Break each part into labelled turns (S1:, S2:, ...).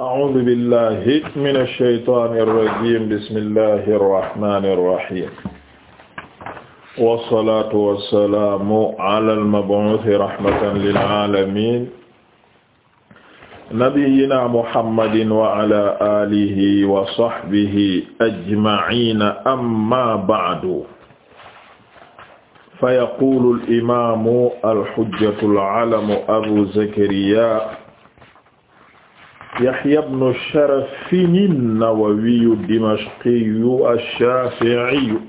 S1: a'uuzu billahi mina shaytaani rajiim bismillahi rahmaani rahiim wasalaatu wasalaamu alal mab'uusi rahmatan lil aalamiin nabiyyinaa muhammadin wa alaa aalihi wa sahbihi ajma'iina ammaa ba'du fa yaquulu al imaamu al hujjatu al alamu abu zakariyaa Yahya ibn Sharaf an-Nawawi ad-Dimashqi ash-Shafi'i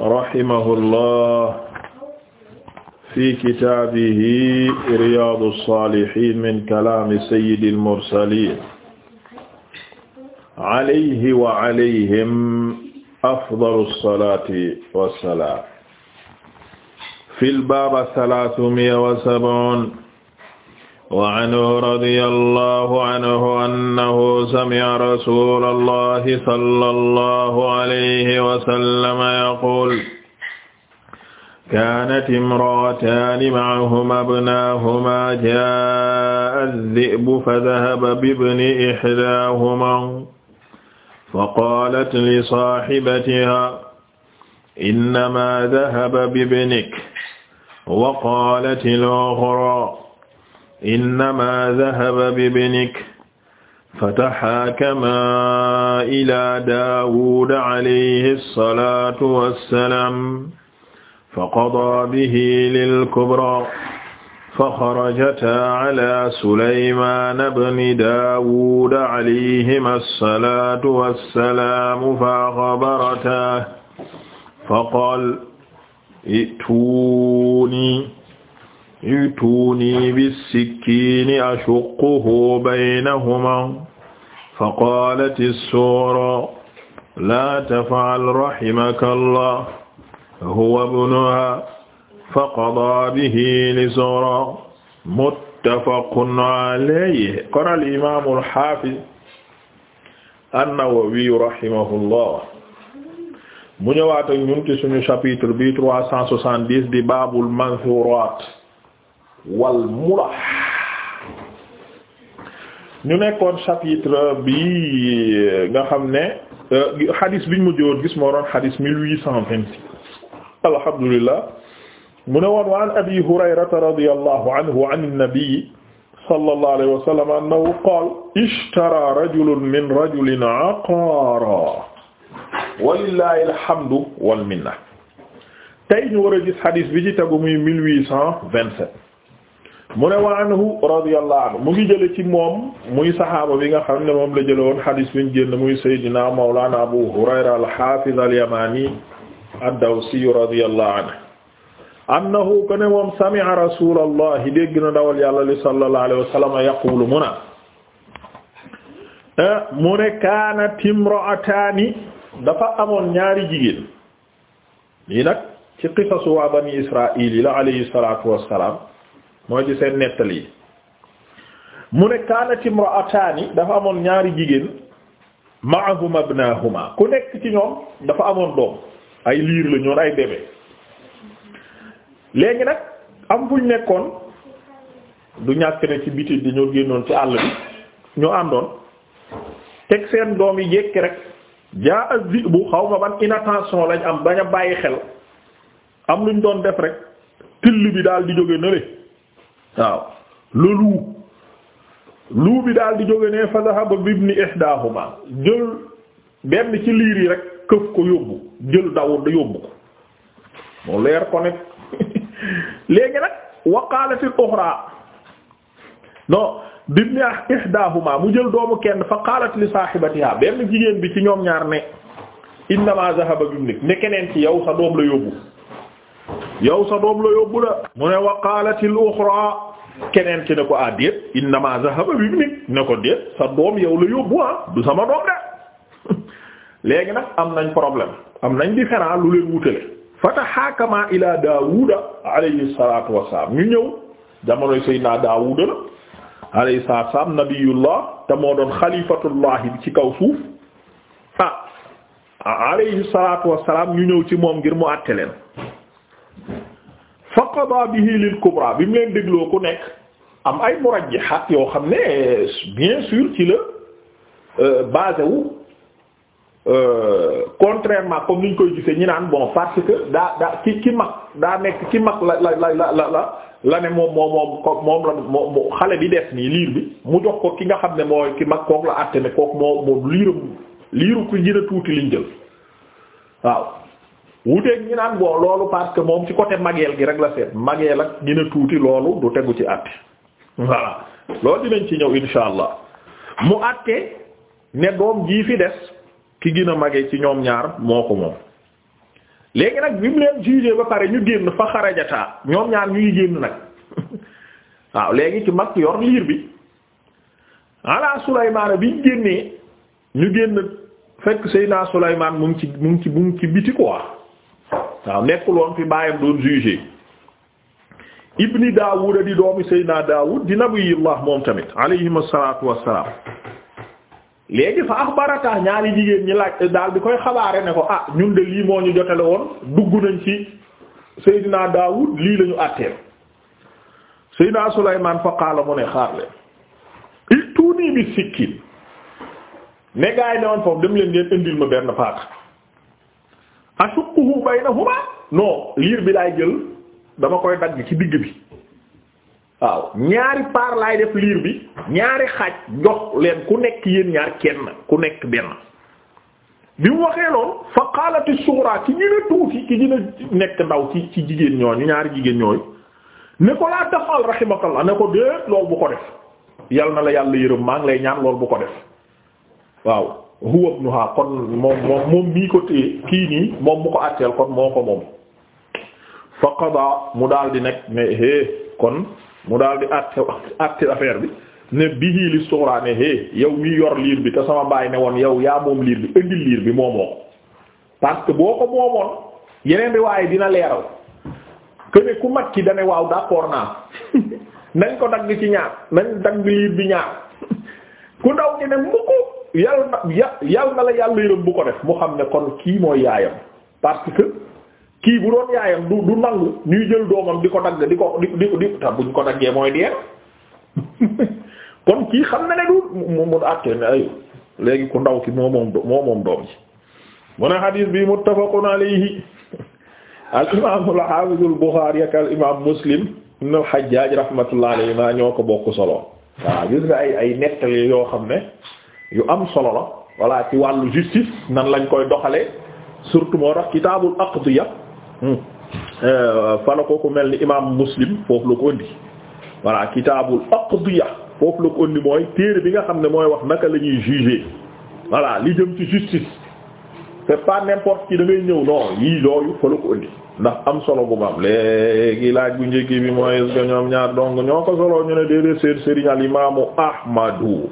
S1: rahimahullah fi kitaabihi Riyaadu as-Saalihiin min kalaami sayyidi al-mursaliin alayhi wa alayhim afdalu as-salaati was-salaam fil baab thalaathumiyya wa sab'uun وعنه رضي الله عنه أنه سمع رسول الله صلى الله عليه وسلم يقول كانت امرأتان معهما ابناهما جاء الذئب فذهب بابن إحداهما فقالت لصاحبتها إنما ذهب بابنك وقالت الأخرى innama dahaba bibnik fataxaakamaa ila daawuda alayhi salaatu wassalaam faqadaa bihi lilkubraa faxarajataa ala sulaymaana bni daawuda alayhima salaatu wassalaam faaxabarataa faqaal ituuni ituuni bisikkiini ashuqquhu baynahumaa faqaalat as-suura laa taf'al rahimakallah huwa ibnuhaa faqadaa bihi li-zuuraa muttafaqun alayhi qaala al-imaamul haafiz an-Nawawi rahimahullah mu ñëwaat ak ñun ci suñu chapitre bi 370 di baabul mansuuraat wal mula ñu nekkoon chapitre bi nga xam ne xadis euh, biñ mujj woon gis moo doon xadis mille huit cent vingt-six alhamdulillah mu ne woon wa an abi hurayrata radiyallahu anhu an an-nabi sallallahu alayhi wa sallam annahu qaala ishtara rajulun min rajulin aqaara walillahi alhamdu wal minna tey ñu war a gis xadis bi ci tagu muy mille huit cent vingt-sept mu ne wa anhu radiyallahu anhu mu ngi jële ci moom muy saxaaba bi nga xam ne moom la jële woon xadis bi ñu génn muy sayyidina mawlana abu hurayra al-hafiz al-yamani ad-dawsi radiyallahu anhu annahu kana moom sami'a rasulallahi dégg na dawal yàlla li sallallahu alayhi wa sallam yaqulu mu na eh, mu ne kaanat imra'ataani dafa amoon ñaari jigéen lii nag ci qisasu waa bani israil la alayhi salatu wassalam mooy ci seen nettali yi mu ne kaanat imra'ataani dafa amoon ñaari jigéen ma ma'ahuma ibnahuma ku nekk ci ñoom dafa amoon doom ay liir la ñoon ay bébé léegi nag am fuñ nekkoon du ñàkk ne ci biti dañoo génnoon ci àll bi ñu àndoon teg seen doom yi jekki rek jaa azi bu xaw ma ban inattention lañ am bañ a bàyyi xel am luñ doon def rek till bi daal di jóge nële waaw loolu luu bi daal di jóge ne fa dhahaba bi ibni ihdahuma jël benn ci liir yi rek këf ko yóbbu jël daw yóbbu ko moo leer ko nekk léegi nag wa qalatil uxra non bi ibni mu jël doomu kenn fa qalat li sahibatiha benn jigéen bi ci ñoom ñaar ne innama dhahaba bi ibnik keneen ci yow sa doom la yóbbu yow sa doom la yóbbu la mu ne wa qaalatil keneen ki ne ko ah déet innama zahaba bi nit ne ko déet sa doom yow la yóbbu ah du sama doom de léegi nag am nañ problème am nañ différent lu leen wutale fa tahaakama ila daawuda alayhi salatu wasalaam ñu ñëw jamonoy sayyidina daawuda la alayhi salatu wasalaam nabiyullah te moo doon xalifatullah bi ci kaw suuf ah alayhi salatu wasalaam ñu ñëw ci moom ngir mu àtte leen qada bi lil kubra bi mu leen dégloo ku nekk am ay murajjihat yoo xam ne bien sûr ci la euh, basewu wu euh, contrairement comme ni ñu koy gisee ñi naan bon parce daa daa ki ki mag daa nekk ki mag la la la la la la ne moom moom moom xale bi des nii liir bi mu dox ko ki nga xam ne mooy ki mag kook la àtte ne kook liir moom liiram liiru ku gën a tuuti liñ jël waaw wuteeg ñi naan boo loolu parce moom ci côté mageel gi rek la seet mageel ak gina a tuuti loolu du tegu ci àtte voilà loolu dinañ ci ñëw insha allah mu àtte ne doom jii fi des ki gën a mage ci ñoom ñaar moo ko moom léegi nag bi mu leen jugé ba pare ñu génn fa xarajataa ñoom ñaar ñu ngi génn nag waaw léegi ci mag yor liir bi ala Sulaymaan bi ñu génnee ñu génn fekk Seydina Sulaymaan mu ngi ci mu ngi ci mu ngi ci biti quoi waaw nekkul woon fi baayam doon jugé ibni daawuda di doomi seydina daawud di nabiyullah moom tamit alayhim asalaatu wassalaam léegi fa axbarata ñaari jigéen ñi laaj daal di koy xabaare ne ko ah ñun de lii moo ñu jotale woon dugg nañ ci seydina daawud lii lañu àtteel seydina sulaymaan fa qaala mu ne xaar leen i tuuni bi sikkin ne ne woon foofu dem leen ngeen indil ma benn paaka ashuquhu baynahuma non liir bi laay jël dama koy dagg ci digg bi waaw ñaari paar laay def liir bi ñaari xaaj jox leen ku nekk yéen ñaar kenn ku nekk benn bi mu waxee lool fa qaalati sughra ki gën tuuti ki gën nekk ndaw ci ci jigéen ñooñu ñaari jigéen ñooñu ne ko laa tafal rahimakallah ne ko déet lool bu ko def yal na la yàlla yërëm maa lay ñaan lool bu ko def waaw huwa ibnuha kon moom moom mii ko téye kii nii moom mu ko àtteel kon moo ko moom fa qada mu daal di nekk ne hé kon mu daal di àtte àtte affaire bi ne bihi li sughra hé yow mii yor liir bi te sama baay ne woon yow yaa moom liir bi indil liir bi moomoo ko parce que boo ko moomoon yeneen riwaay dina leeral que ne ku mag ki dane waaw d'accord naa nañ ko dagg ci ñaar nañ dagg liir bi ñaar ku ndaw ki ne mukk yal na yal na la yàlla yërëm bu ko def mu xam ne kon kii mooy yaayam parce que kii bu doon yaayam du du nangu ñuy jël doomam di ko dagg di ko di di di buñ ko daggee mooy deen kon kii xam na ne du mu mu àttee ne ay léegi ku ndaw ki moo moom moo moom doom ji mu ne xadiis bi muttafaqun alayhi al imaam al haafiz al Buxaari ak al imaam Muslim ibn al Hajjaaj rahmatullah alayhi maa ñoo ko bokk solo waaw gis nga ay ay nettali yoo xam ne yu am solo la voilà ci wàllu justice nan lañ koy doxalee surtout moo tax kitaabul aqdiya hmm, euh, fa la ko ku mel ni imaam muslim foofu la ko indi voilà kitaabul aqdiya foofu la ko indi mooy téere bi nga xam ne mooy wax naka la ñuy juger voilà li jëm ci justice c'est pas n'importe qui da ngay ñëw non yii looyu fa la ko indi ndax am solo bu maam léegi laaj bu njëkk bi mooy est-ce ñoom ñaar dong ñoo ko solo ñu ne déedéet seen sëriñ al imaamu ahmadu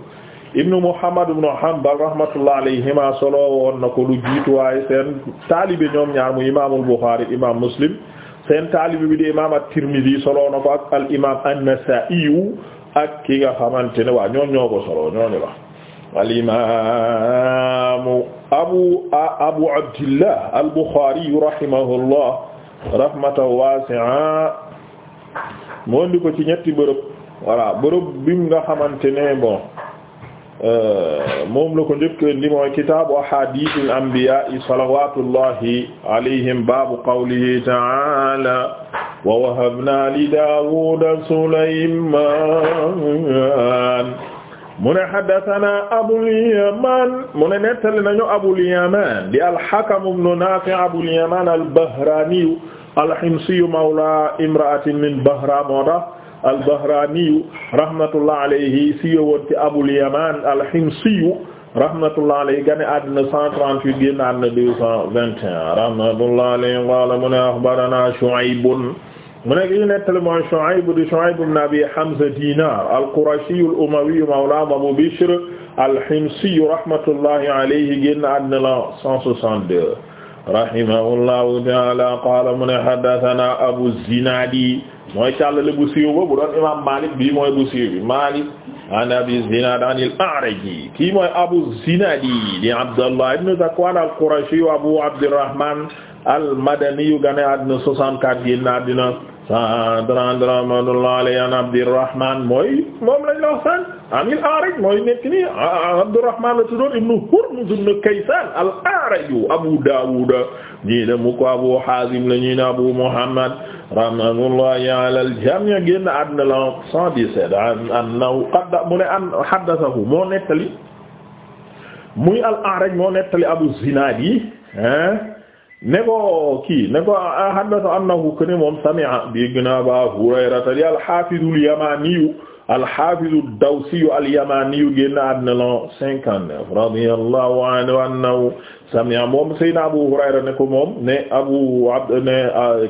S1: ibnu Muhammad ibnu Hanbal rahmatullah alayhima solo woon ko lu jiitu waaye seen taalibe ñoom ñaar mu imaamul Buxaari imaam Muslim seen taalibe bi di imaam at-Tirmidhi solo na ko ak al imaam an-Nasaa'i ak ki nga xamante ne waa ñoom ñoo ko solo ñooñu la al imaamu abu abu al Buxaari rahimahullah rahmatan waasi'a moo ko ci ñetti bërëb voilà bërëb bi nga xamante ne moom la ko njëkk ndi mooy kitaabu ahaadiisil anbiyaa'i salawaatullahi alayhim baabu qawlihi ta'aala wa wahabnaa li daawuuda sulaymaan mu ne haddasanaa abul yamaan mu ne nettali nañu abul yamaan di al-hakam ibnu naafi' abul yamaan al-bahraaniyu al-himsiyu mawlaa imra'atin min bahraa al-Bahraaniyu rahmatullah alayhi siiwoon ci Abul Yamaan al-Himsiyu rahmatullah alayhi gane àddina 138 génn àddina 221 rahmatullah alayhi qaala mu ne axbaranaa Shu'aybun mu nekk ñu nettali mooy Shu'ayb di Shu'ayb ibn Abi Hamza Dinar al-Qurashiyu al-Umawiyu mawla Abu Bishr al-Himsiyu rahmatullahi alayhi génn àddina 162 rahimahullahu taala qaala mu ne haddathana abu zinaadi mooy càllale bu siiw ba bu doon imam malik bii mooy bu siiw bi malik an abi zinaad an al-a'raj kii mooy abu zinaadi di abdallah ibn zakwaan al-qurashi abu abdirrahman al-madani yu gane àddina 64 génn àddina sadran rahmatullah alayhi an Abdurrahman mooy moom lañ la wax sànq amil A'raj mooy nekk nii Abdurrahman la tuddoon ibnu Hurmuz ibnu Kaysan al-A'raj Abu Dawud ñii de mu ko Abu Hazim la ñuy ne Abu Muhammad rahmatullahi ala al-jami' génn àdduna la 117 annahu qadda mu ne an haddathahu moo nettali muy al-A'raj moo nettali Abu Zinad yi ne ko kii ne ko haddathu annahu kaana moom sami'a dégg na Abaa Hurayrata al-Haafidu al-Yamaaniyu al-Haafidu ad-Dawsiyu al-Yamaaniyu génn àddina l'an cinquante-neuf radiyallahu anhu annahu sami'a moom Seydina Abu Hurayra ne ko moom ne Abu Abd ne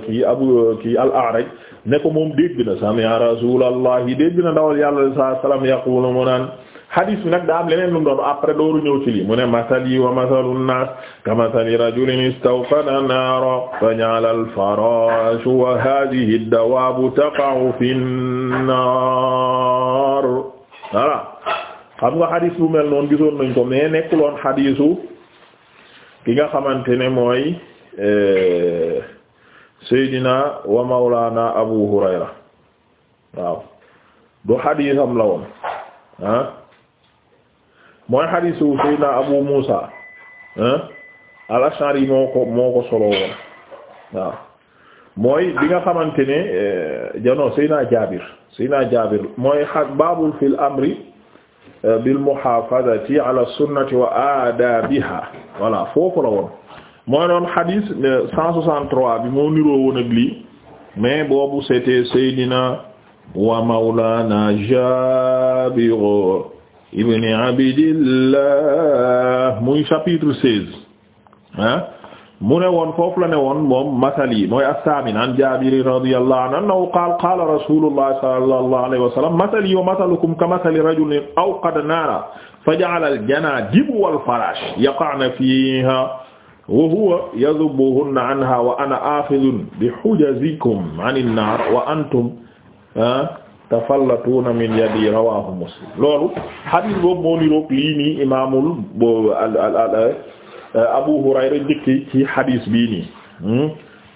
S1: kii Abu kii al-A'raj ne ko moom dégg na sami'a Rasuulallahi dégg na dawal Yàlla sallallahu alayhi wa sallam yaqulu hadis bi nag daa am leneen lu mu doon après dooru ñëw ci lii mu ne masali wa masalu nnaas ka masali rajulin istawqada naara fa ja'ala al-faraash wa haadihi ad-dawaabu taqa'u fi nnaar voilà xam nga hadis bu mel noonu gisoon nañ ko mais loon hadisu ki nga xamante ne mooy eh, Seydina wa Mawlana Abu Hurayra waaw du hadisam la woon ah. mooy xadiisu Seydina Abu Muusa al moo ko solo woon mooy bi nga xamante ne eh, jano Seydina Jaabir Seydina Jaabir mooy baabul fil amri eh, bil muhaafazati ala sunnati wa aadaabiha voilà foofu la mooy noon xadiis eh, bi moo niroo woon ak lii boobu c'était Seydina wa Mawlaana Jaabir ibn abdillah muy chapitre seize ah mu ne woon foofu la ne woon moom masal yi mooy as-saamin an jaabir radiyallahu anhu annahu qaala qaala rasuulullah sallallahu alayhi wa sallam masali wa masalukum ka masali rajulin awqada naaran faja'ala al-janaadib wal faraash yaqa'na fiihaa wa huwa yadhubbuhunna anhaa wa ana aakhidhun bi hujazikum 'ani an-naar wa antum tafallatuuna min yadi rawaahu muslim loolu hadith boobu moo niroog lii nii imaamul boobu al al al euh, Abu Hurayra njëkk ci hadith bii nii hmm?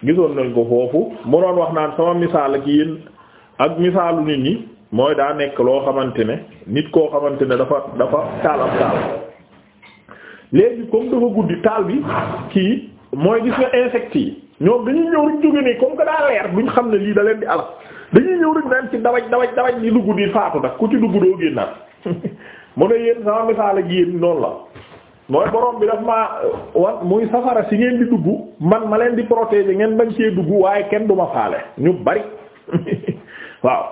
S1: gisoon nañ ko foofu mu doon wax naan sama misaal ak yéen ak misaalu nit ñi mooy daa nekk loo xamante ne nit koo xamante ne dafa dafa taal ab taal léegi comme dafa guddi taal bi kii mooy gis nga insectes yi ñoom dañuy ñëw rek jóge nii comme que daa leer buñ xam ne lii da leen di alal. dañuy ñëw rek naan ci dawaj dawaj dawaj di dugg di faatu nag ku ci dugg doo génnaat mu ne yéen sama misaal ak yéen noonu la mooy borom bi daf ma uh, wan muy safara si ngeen di dugg man ma leen di protéger ngeen bañ cee dugg waaye kenn du ma faale ñu bari waaw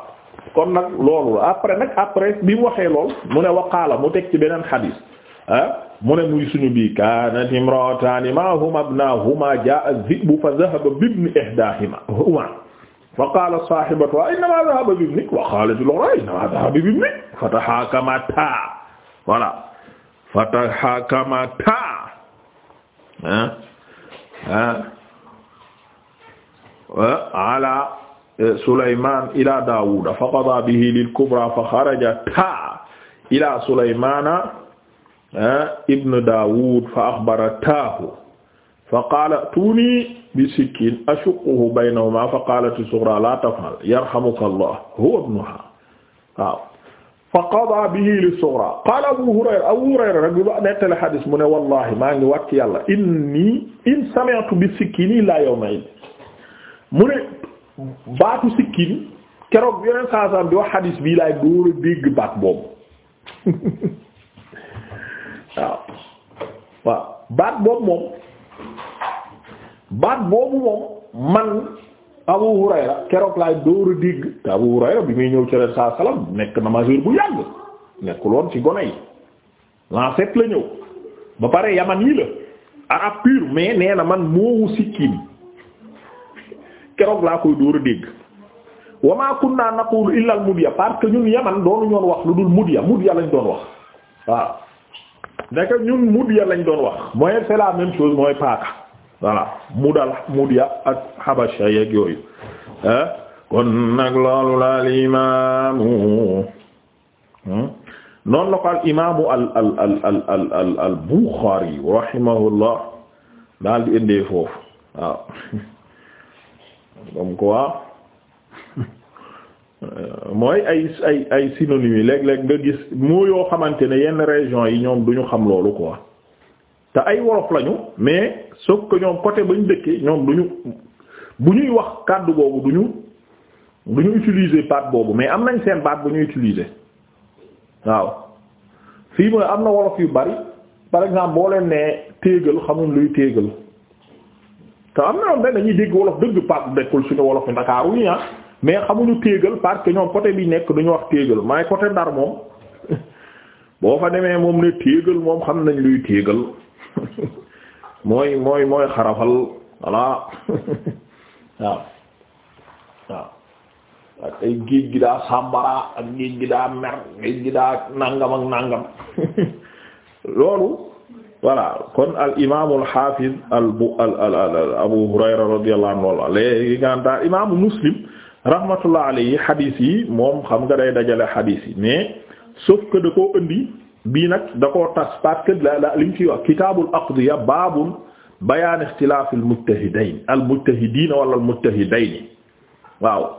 S1: kon nag loolu après nag après bi mu waxee lool mu ne waqaala mu teg ci beneen xadiis ah mu ne muy suñu bii kaanat imra'ataani ma'huma ibnaahuma jaa'a dhi'bu fa dhahaba bibni ihdaahuma fa qaala saahibatu innamaa dhahaba bi ibnik wa qaalat al-ukhraa innamaa dhahaba bi ibnik fatahaakamataa voilà fatahaakamataa ah ah ala Sulaymaan ilaa Daawuda faqadaa bihi lil-kubraa faxarajataa ilaa Sulaymaana ibn Daawuud fa axbarataahu faqaala tuuni bi sikkin ashuquhu baynahuma fa qalat as-sughra la taf'al yarhamuka Allah huwa ibnuha waaw fa qada bihi lis-sughra qala Abu Hurayra Abu Hurayra rek bi ba nettale xadis mu ne wallahi maa ngi wàcc yàlla inni in sami'tu bi sikkini la yawma id mu ne baatu sikkin keroog yeneen saasam bi wax xadis bii laay dóor a dégg baat boobu waaw waaw baat boobu moom baat boobu moom man Abu Hurayra keroog laay dóor a dégg te Abu Hurayra bi muy ñëw ci Yonent saa salaam nekk na majeur bu yàgg nekkuloon ci gone yi l'an sept la ñëw ba pare yaman yi la arab pur mais nee na man moowu sikkiim keroog laa koy dóor a dégg wa ma kunna naqulu illa al mudya que ñun yaman doonu ñoon wax lu dul mudya mudya lañ doon wax waaw ndeke ñun mudya lañ doon wax mooy c'est la chose mooy paaka voilà mudal mudiya ak habasha yeeg yooyu eh? kon nag loolu la al imaamu hmm? la ko al imaamu al al al al al al Buxaari daal indee foofu waaw mooy ay ay ay synonymes nga gis moo yoo xamante ne yenn région yi ñoom duñu xam loolu quoi. te ay wolof lañu mais sauf que ñoom côté bañ dëkkee ñoom ñu bu ñuy wax kàddu boobu duñu ñu utiliser baat boobu mais am nañ seen baat bu ñu utiliser waaw fii mooy am na wolof yu bari par exemple boo leen nee téegal xamuñ luy téegal te am na woon dañuy dégg wolof dëgg paat dekkul suñu wolof yu ndakaaru yi ah mais xamuñu téegal parce que ñoom côté bi nekk duñu wax téegal may côté Ndar moom boo fa demee moom ne téegal moom xam nañ luy téegal mooy mooy mooy xarafal voilà waaw waaw ak ay géej gi daa sàmbara géej gi daa mer géej gi daa nàngam ak nangam loolu voilà kon al imaamu al xaafiz al bu al al al abu hurayra radiyallahu anhu nga daal imaamu muslim rahmatullah alayhi xadiis yi moom xam nga day dajale xadiis yi mais sauf que da koo indi bii nag da koo tas parce que la la li ñu ciy wax kitaabul aqdiya baabun bayaan ixtilaaf al mujtahidayn al mujtahidiin wala al mujtahidayn waaw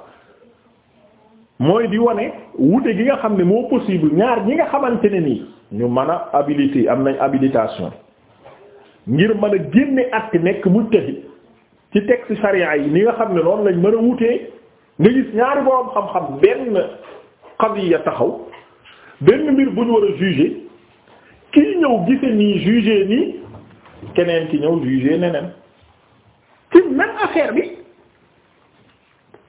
S1: mooy di wane wute gi nga xam ne moo possible ñaar ñi nga xamante ne nii ñu man a habilité am nañ habilitation ngir mën a génne at nekk mujtahid ci texte sharia yi ni nga xam ne noonu lañ mën a wutee nga gis ñaari boroom xam-xam benn qadiya taxaw benn mbir buñ ñu juger kii ñëw gise nii juger nii keneen ki ñëw juger neneen ci même affaire bi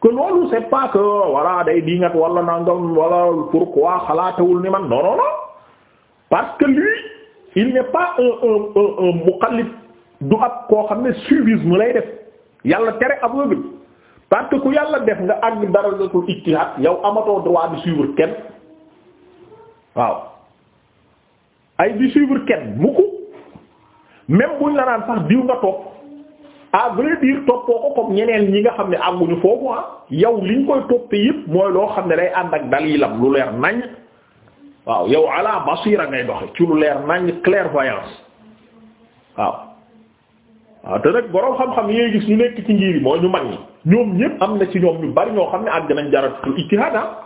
S1: que loolu c'est pas que voilà day dingat wala nangam wala pourquoi xalaatewul ni man non parce que lui il n'est pas un un du ab koo xam ne suivisme lay def yàlla tere aveugle parce que ku yàlla def nga àgg darajatul ijtihad yow amatoo droit de suivre kenn. waaw ay di suivre kenn mukk même buñ la naan sax diw nga topp à vrai toppoo ko comme ñeneen ñi nga xam ne àgguñu foofu ah yow liñ koy toppee yépp mooy loo xam ne day ànd ak dalilam lu leer nañ waaw yow ala basira ngay doxe ci lu leer nañ clairvoyance waaw waaw te nag boroom xam-xam yi ngay gis ñu nekk ci ngir yi moo ñu mag ñi ñoom ñépp am na ci ñoom ñu bari ñoo xam ne àgg nañ jarat ijtihaad ah.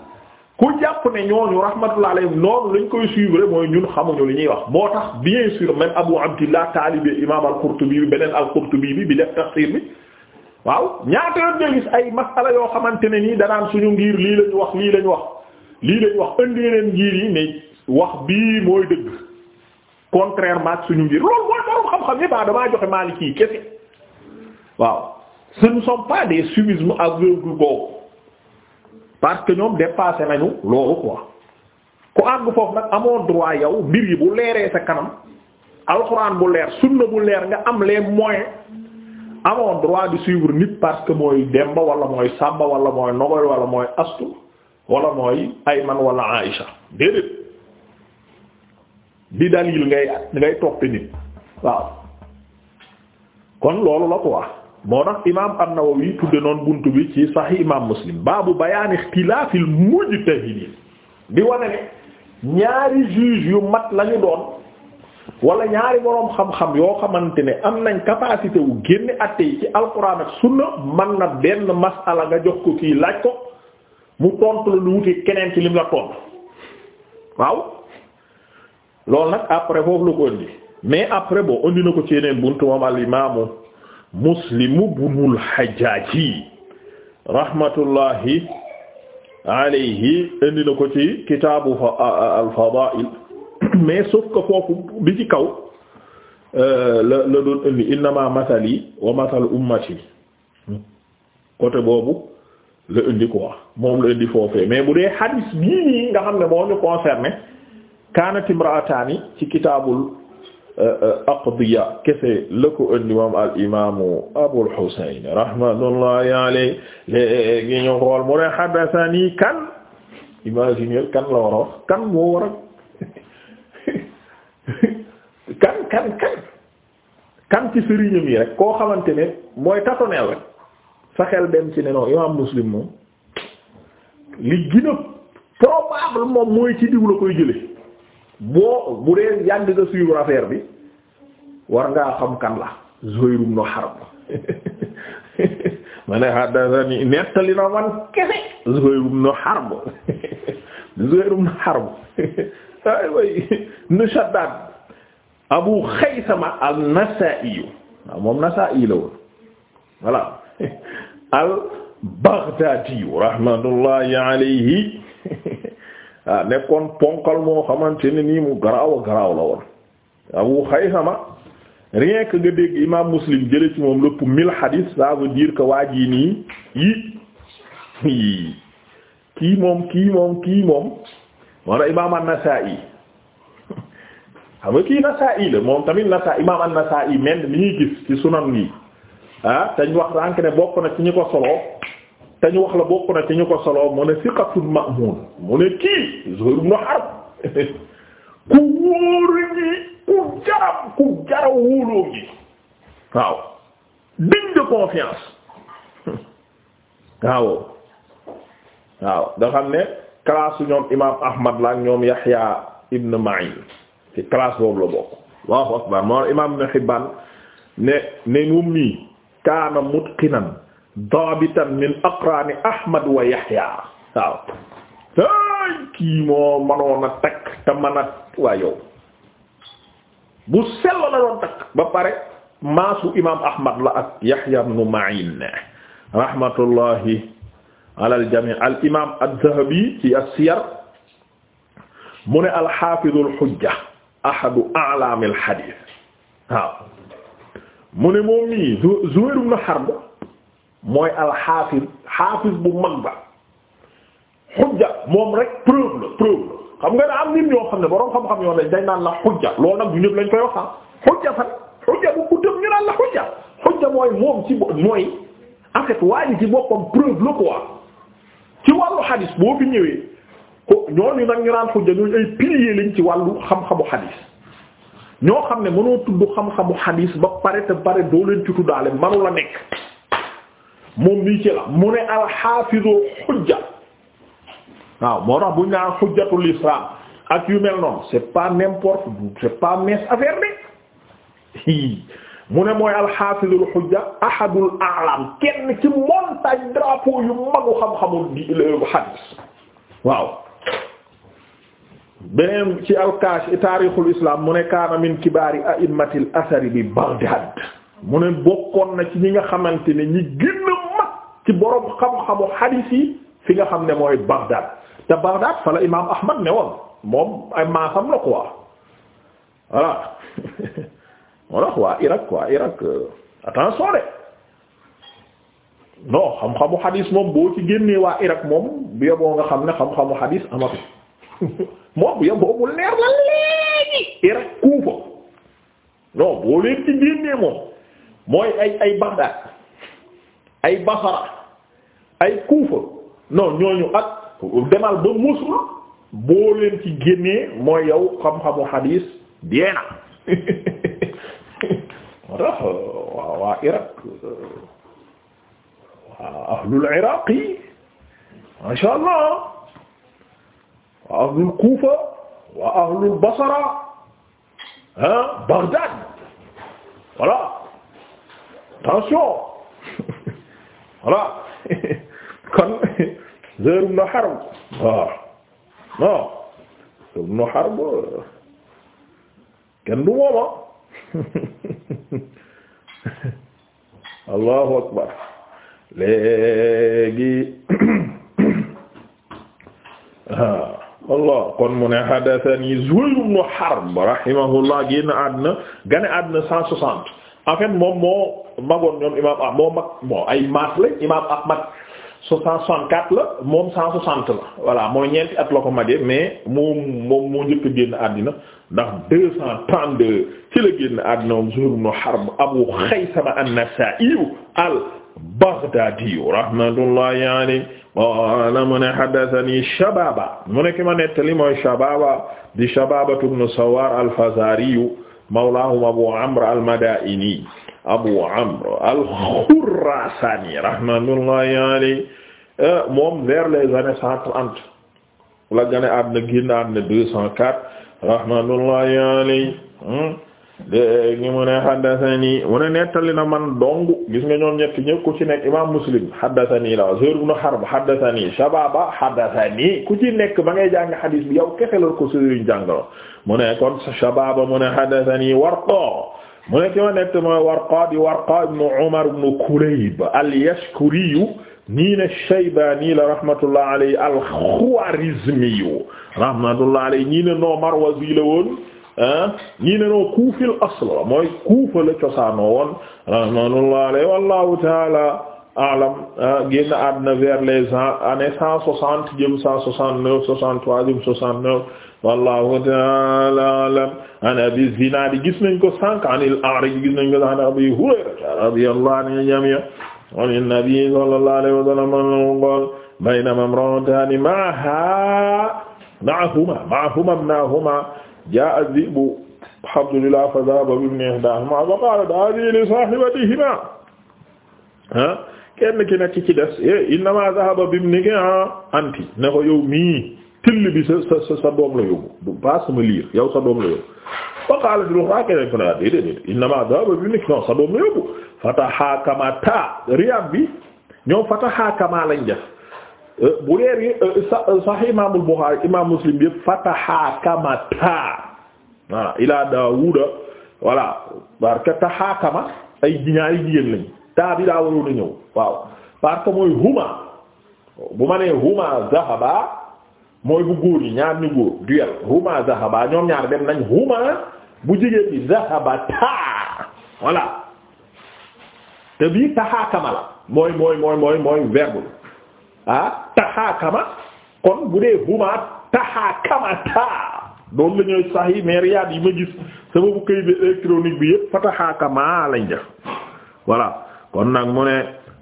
S1: ku jàpp ne ñooñu rahmatullah alayhim noonu lañ koy suivre mooy ñun xamuñu li ñuy wax moo tax bien sûr même Abu Abdillah taalibe imam al-Qurtubi bi beneen al-Qurtubi bi bi def tafsir bi waaw ñaata yoon nga gis ay masala yoo xamante ne nii danaan suñu ngir lii lañu wax lii lañu wax lii lañu wax indi leen ngir yi ne wax bii mooy dëgg contrairement suñu ngir loolu mooy borom xam-xam yi ba ah, damaa joxe Maliki kese waaw ce ne sont pas des suivisme aveugles parce que ñoom dépassé nañu loolu quoi ku àgg foofu nag amoo droit yow mbir yi bu leeree sa kanam alxuraan bu leer sunna bu leer nga am les moyens amoo droit di suivre nit parce que mooy Demba wala mooy Samba wala mooy Nogoy wala mooy Astu wala mooy Ayman wala Aïcha déedéet di dalil ngay nit waaw kon loolu la quoi. moo tax imaam an-Nawawi tudde noon buntu bi ci Sahih imaam Muslim baabu bayaan ixtilaafil mujtahidiin di wane ne ñaari juge yu mat lañu doon wala ñaari boroom xam-xam yoo xamante ne am nañ capacité wu génne atte yi ci alquran ak sunna man na benn masala nga jox ko kii laaj ko mu tontu la lu wute keneen ci la tontu waaw loolu nag après foofu la ko indi mais après boo indi na ko ci yeneen buntu moom al muslim ibnul hajjaaji rahmatullahi alayhi indi na ko ci kitaabu al fadaa'il mais sauf que foofu bi ci kaw euh, la la doon indi innama mathali wa mathal ummati côté boobu la indi quoi moom la indi foofee mais bu dee hadis bii nii nga xam ne moo ñu concerné kaanat imraataani ci kitaabul Euh, euh, aqdiya kese la ko indi moom al imaamu Abul Husayn rahmatullahi alayhi léegi ñu xool mu ne haddathani kan imaginer kan la war a wax kan moo war a kan kan kan kan ci sëriñam yi rek koo xamante ne mooy tatoneel rek sa xel dem ci ne non imaam Muslim moom li gën a mooy ci diw la koy jële boo bu dee yàgg nga suivre affaire bi war ngaa xam kan la Zuhayr ibn Harb ma ne haddathani nettali na man kese Zuhayr ibn Harb Zuhayr ibn Harb ay way nu Shaddad Abu Khaysama an-Nasa'i ah, moom Nasa'i la woon voilà al-Baghdadi rahmatullahi alayhi Ah, nekkoon ponkal moo xamante ne nii mu garaaw a garaaw la woon Abu Xaysama rien que nga dégg imam Muslim jële ci moom lépp mille hadith ça veut dire que waa jii nii yi kii moom kii moom kii moom wala imam An-Nasa'i xam nga kii Nasa'i la moom tamit Nasa'i imam An-Nasa'i mel ni ñuy gis ci sunan yi ah te ñu wax rank ne bokk na ci ñu ko solo te ñu wax la bokk na ci ñu ko soloo mu ne siqatul ma'mun mu ne kii Zuhayr ibn Harb ku wóoru ku jarab ku jaraw wóoloo waaw digne de confiance waaw waaw nga ne classe ñoom imam Ahmad la ñoom Yahya ibn Ma'in ci classe boobu la bokk Allahu akbar moo imam Ibn Hibban ne ne moom mii kaana mutqinan daabitan min aqraani ahmad wa yahya waaw ay kii moo manoon a takk te man a waa yow bu sell la doon takk ba pare maasu imam ahmad la ak yahya ibn ma'in rahmatullahi ala al jami' al imam az-zahabi ci as-siyar mu ne al-hafiz al-hujja ahadu a'lam al-hadith waaw mu ne moom mii Zuhayr ibn Harb mooy alxaafis xaafis bu mag ba xujja moom rek preuve la preuve la xam nga daa am nit ñoo xam ne boroom xam-xam yoon lañ dañ naan la xujja loolu nag du ñëpp lañ koy wax ah xujja fan xujja bu ku tëb ñu naan la xujja xujja mooy moom ci mooy en fait waa ji ci boppam preuve la quoi ci wàllu xadis boo fi ñëwee ko ñooñu nag ñu naan xujja ñooñu ay piliers lañ ci wàllu xam-xamu xadis ñoo xam ne mënoo tudd xam-xamu xadis ba pare te pare doo leen ci tuddaale la nekk. moom nii ci la mu ne alxaafizu xujja waaw moo tax bu ñu naan xujjatul islam ak yu mel noonu c'est pas n'importe c'est pas mes affaire de mu ne mooy alxaafizul xujja ahadul a'lam kenn ci montagne drapeau yu magu xam-xamul di hadis waaw beneen ci alkaash taarixul islam mu ne kaana min kibaari a'immatil athari bi Baghdad mu ne bokkoon na ci ñi nga xamante ne ñi gën ci boroom xam-xamu hadith yi fi nga xam ne mooy Baghdad te Baghdad fa la imaam Ahmad ne woon moom ay maasam la quoi voilà moo tax waa Irak waa Irak euh, attention de xam-xamu hadith moom boo ci génnee waa Irak moom bu yoboo nga xam ne xam-xamu hadith amatu moom bu yoboo bu leer la léegi Irak Kufa non boo leen ci génnee moom mooy ay ay Baghdad ay Basra ay Kuufa non ñooñu ak demal ba Musra boo leen ci génnee mooy yow xam-xamu xadiis dee na moo tax waa waa Irak waa ahlul Iraq yi ma sha Allah waa ahlul Kuufa waa ahlul Basra ah Bagdad voilà attention voilà kon Zuhayr ibn Harb waaw non ibn Harb kenn du mooma ah. allahu akbar léegi ah, Allah kon mu ne hadathani Zuhayr ibn Harb rahimahullah génn àddina gane cent soixante en fait magoon ñoom imaam ah moo mag bon ay maas la imaam Ahmad cent soixante-quatre moom cent soixante la voilà mooy ñeenti at la ko magee mais moom moom moo njëkk a génn àddina ndax deux cent trente-deux ci Abu Khaysama an al-Baghdadi rahmatullahi alayhi qala mu ne haddathani Shababa mu ne ki ma Shababa di Shababa ibn Sawwar al-Fazari mawlahum Abu Amr al-Madaini Abu Amr al-Khurasani rahmatullahi moom vers les années cent trente la gane àddina génn àddina deux cent quatre rahmatullahi alayhi hmm? léegi mu ne haddathani mu ne nettali na man dong gis nga ñoom ñett ñëpp ku ci nekk imaam Muslim haddathani la Zuhayr ibn Harb haddathani Shababa haddathani ku ci nekk ba ngay jàng hadis bi yow kese la ko sëriñ jàngaloo mu kon Shababa mu ne haddathani Warqa mu ne ki ma nekk mooy Warqa di Warqa ibn Umar ibn Kulayb al-Yashkuriyu nii ne Shaybani la rahmatullah alayhi al-Khwarizmiyu rahmatullah alayhi ñii ne noo Marwazi la woon ñii ah, ne noo Kuufil asl la mooy Kuufa la cosaanoo woon rahmatullah alayhi wallahu taala alam ah, génn àddina vers les années cent soixante jëm cent soixante neuf soixante trois jëm soixante neuf wallahu ta'ala alam an abi zinadi gis nañ ko sànq anil a'raj gis nañ ko an abi hurayra radiyallahu anhu jami'an an nabi sallallahu alayhi wa sallam qala baynama imra'atani ma'aha ma'ahuma ma'ahuma ibnahuma jaa'a dhi'bu alhamdulillah fa dhahaba bi ibni ihdahuma fa qala hadhihi li sahibatihima kenn ki nekk ci des eh, innama dhahaba bi ibnika anti ne ko yow mi till bi sa sa sa doom la yóbbu du pas liir yow sa doom la yóbbu fa qaala di lu xaakee dañ ko ne ah déedéet déedéet innama daba bi nit non sa doom la yóbbu fatahaakama ta riyaab bi ñoom fatahaakama lañ def euh, bu leer euh, sa euh, sax imaamul Buxaari imaam Muslim bi yëpp fatahaakama ta voilà ilaa Daawuda voilà parce tahaakama ay ñaari jigéen lañ taa bi daa waroon a ñëw waaw parce mooy huma bu ma nee huma zahaba mooy bu góor yi ñaar ñu góor duel huma zahaba ñoom ñaar dem nañ huma bu jigéen bi zahaba taa voilà te bii taxaakama la mooy mooy mooy mooy mooy verbe ah taxaakama kon bu dee huma taxaakama taa doon la ñooy sax yi mais riyaad yi ma gis sama bu kayit électronique bi yëpp fa taxaakamaa lañ def kon nag mu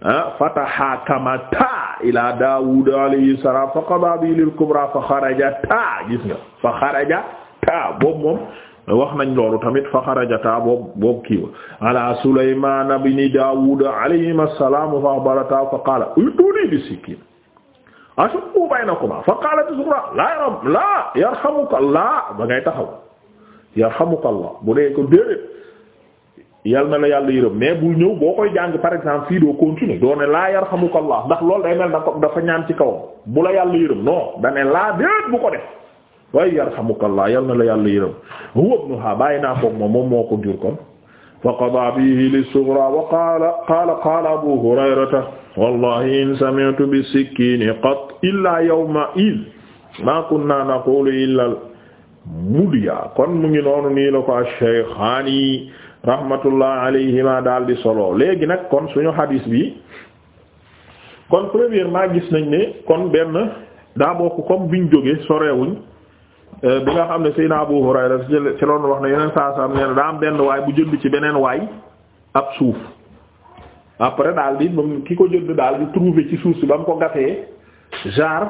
S1: Ah, fatahakamata ila Daawud alayhi salaam fa qadaa bi lil kubra fa xarajata gis nga fa xarajata boobu moom wax nañ loolu tamit fa xarajata boobu boobu kii wa ala Sulaymaan ibn Daawud alayhima salaam fa axbarata fa qaala utuni bi sikkiin ashukku baynakumaa fa qaalat sughraa laa yarham laa yarhamuka Allah ba ngay taxaw yarhamuka Allah bu dee ko déedéet yal na la yàlla yërëm mais bu ñëw boo koy jàng par exemple fii doo continuer doo ne laa yarhamukallah ndax loolu day mel dafa ñaan ci kawam bu la yàlla yërëm non da laa déet bu ko def waaye yarhamukallah yal na la yàlla yërëm huwa ibnuha bàyyi naa ko moom mo moo ko jur kon fa qadaa bihi lis-sughraa wa qaala qaala qaala abu hurayrata wallahi in sami'tu bis-sikkiini qat illaa yawma id maa kunnaa naqulu illaa mudya kon mu ngi noonu nii la ko ash rahmatullah alayhima daal di solo léegi nag kon suñu hadis bi kon premièrement gis nañ ne kon benn daa bokk comme biñ jóge sorewuñ euh, bi nga xam ne Seydina Abu Hurayra ci loon wax ne yeneen saa saam ne daa am benn waay bu jënd ci beneen waay ab suuf après daal di moom ki ko jënd daal di trouver ci suuf si ba mu ko gatee genre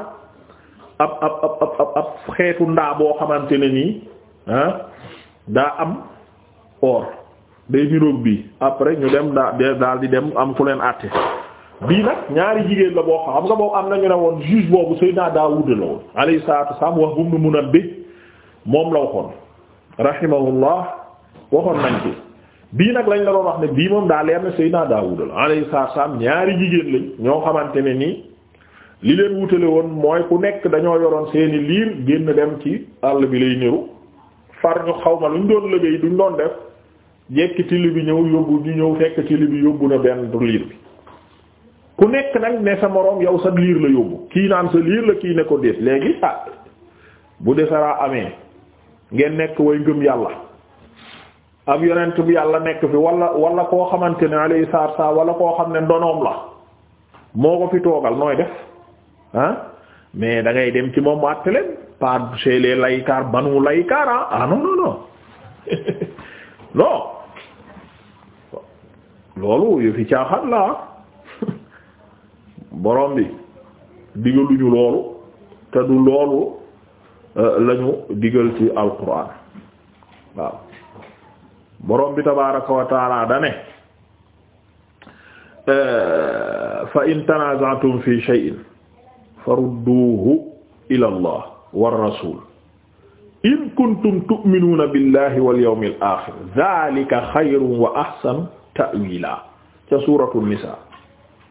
S1: ab ab ab ab ab xeetu ndaa boo xamante ne nii ah daa am or. day niroog bii après ñu dem daa daal di dem am ku leen àtte bii nag ñaari jigéen la boo xam nga boobu am nañu ne woon juge boobu Seydina Daawuud la woon alayhi sa wassalaam wax bu mu Munabbih moom la waxoon rahimahullah waxoon nañ ci bii nag lañ la doon wax ne bii moom daa leer na Seydina Daawuud la alayhi sa saam ñaari jigéen lañ ñoo xamante ne nii li leen wutale woon mooy ku nekk dañoo yoroon seeni liir génn dem ci àll bi lay niru far ñu xaw ma luñ doon liggéey duñ doon def jekki tili bi ñëw yóbbu ñu ñëw fekk tili bi yóbbu na benn liir bi ku nekk nag ne sa moroom yow sa liir la yóbbu kii naan sa liir la kii ne ko déet léegi ah bu defaraa amee ngeen nekk way ngëm yàlla ab yonent bu yàlla nekk fi wala wala koo xamante ne alayhi salaatu salaam wala koo xam ne ndonoom la moo ko fi toogal nooy def ah mais da ngay dem ci moom mu àtte leen pas chez lay laykaar banu laykaar ah, ah non non non loolu yu fi caaxaan la ah. borom bi digaluñu loolu te loolu euh, lañu digal ci alquran bi tabaaraka wa dane euh, fa in fi shay'in farudduuhu ila allah in kuntum tu'minuna billahi wal yawmil akhir dhalika khayrun ta'wila ca suuratul nisaa